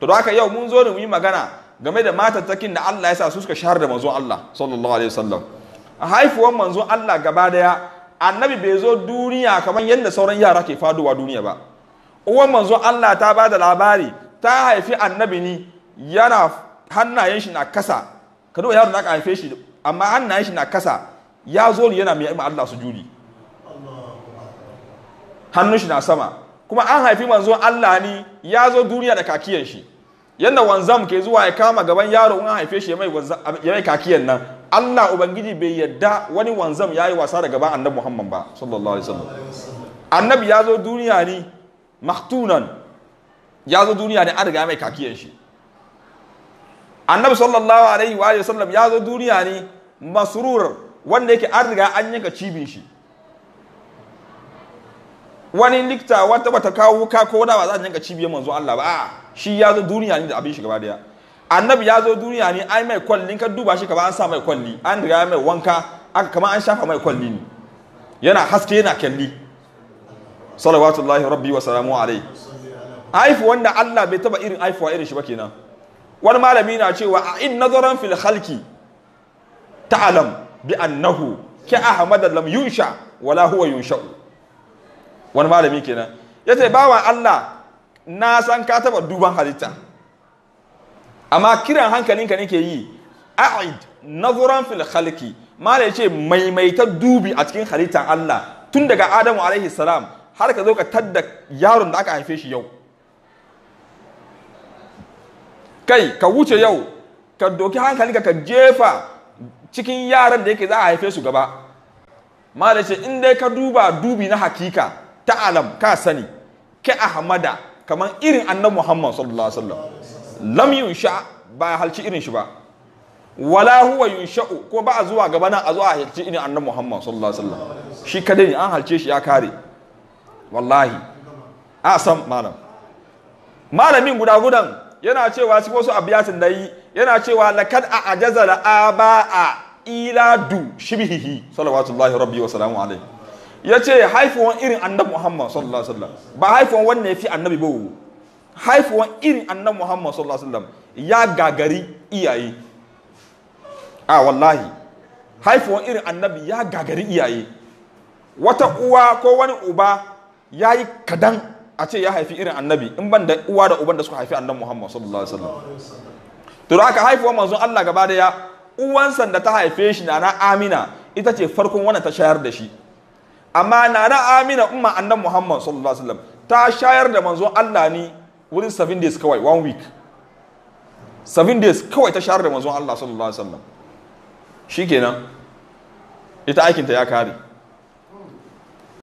to da haka yau mun zo ne mu yi magana game da matattakin da Allah ya sa su suka shahar da manzon Allah sallallahu alaihi wasallam a haifuwan manzon Allah gaba daya annabi bai zo duniya kamar yadda sauran yara ke faduwa duniya ba uwan manzon Allah ta ba da labari ta haifi annabi ni yana hannayen shi na kasa ka duba yaron da haife shi amma hannayen shi na kasa ya zo yana mai Allah su juri hannun shi na sama kuma an haifi manzo Allah ne ya zo duniya da kakiyan shi yadda wanzam ke zuwa ya kama gaban yaro in an haife shi ya mai kakiyan nan Allah ubangiji bai yadda wani wanzam ya yi wasa da gaban annabi Muhammad ba sallallahu alaihi wasallam annabi ya zo duniya ne maktunan ya zo duniya ne an riga mai kakiyan shi annabi sallallahu alaihi wa sallam ya zo duniya ne masurur wanda yake an riga an yanka cibin shi wani likta wata bata kawo wuka ko wada ba za a yanka cibiyar manzo Allah ba shi ya zo duniya ne da abin shi gaba daya annabi ya zo duniya ne ai mai kwalli ka duba shi kaba an sa mai kwalli an riga mai wanka aka kama an shafa mai kwalli ne yana haske yana kyalli salawatullahi rabbi wa salamu alai haifu wanda Allah bai taba irin haifuwa irin shi ba kenan wani malami na cewa a in nazaran fil khalqi ta'lam bi annahu ka ahmad lam yunsha wala huwa yunsha'u wani malami kenan ya ce bawan Allah na san ka taba duban halitta amma kiran hankalinka ke yi a'id nazuran fil khalqi mala yace maimaita dubi a cikin halittar Allah tun daga Adamu alaihi salam har ka zo ka tadda yaron da aka haife shi yau kai ka wuce yau ka doki hankalinka ka jefa cikin yaran da yake za a haife su gaba mala yace in dai ka duba dubi na hakika ta'alam ka sani ka ahmada kamar irin annabi muhammad sallallahu alaihi wasallam lam yunsha ba halci irin shi ba wala huwa yunsha'u ko ba a zuwa gaba nan a zuwa halci irin annabi muhammad sallallahu alaihi wasallam shi kadai ne an halce shi ya kare wallahi a san malam malamin guda gudan yana cewa cikin wasu abiyatin da yi yana cewa lakad a ajaza da aba a iladu shibhihi sallallahu alaihi wasallam alaihi ya ce haifuwan irin annabi muhammad sallallahu alaihi wasallam ba haifuwan wanda ya fi annabi ba haifuwan irin annabi muhammad sallallahu alaihi wasallam ya gagari iyaye a wallahi haifuwan irin annabi ya gagari iyaye wata uwa ko wani uba ya yi kadan a ce ya haifi irin annabi in ban da uwa da uban da suka haifi annabi muhammad sallallahu alaihi wasallam to da aka haifuwan manzon allah gaba daya uwansa da ta haife shi na na amina ita ce farkon wanda ta shayar da shi amma na na amina umma annan muhammad sallallahu alaihi wasallam ta shayar da manzo Allah ni wurin 7 days kawai one week 7 days kawai ta shayar da manzo Allah sallallahu alaihi wasallam shikenan ita aikinta ya kare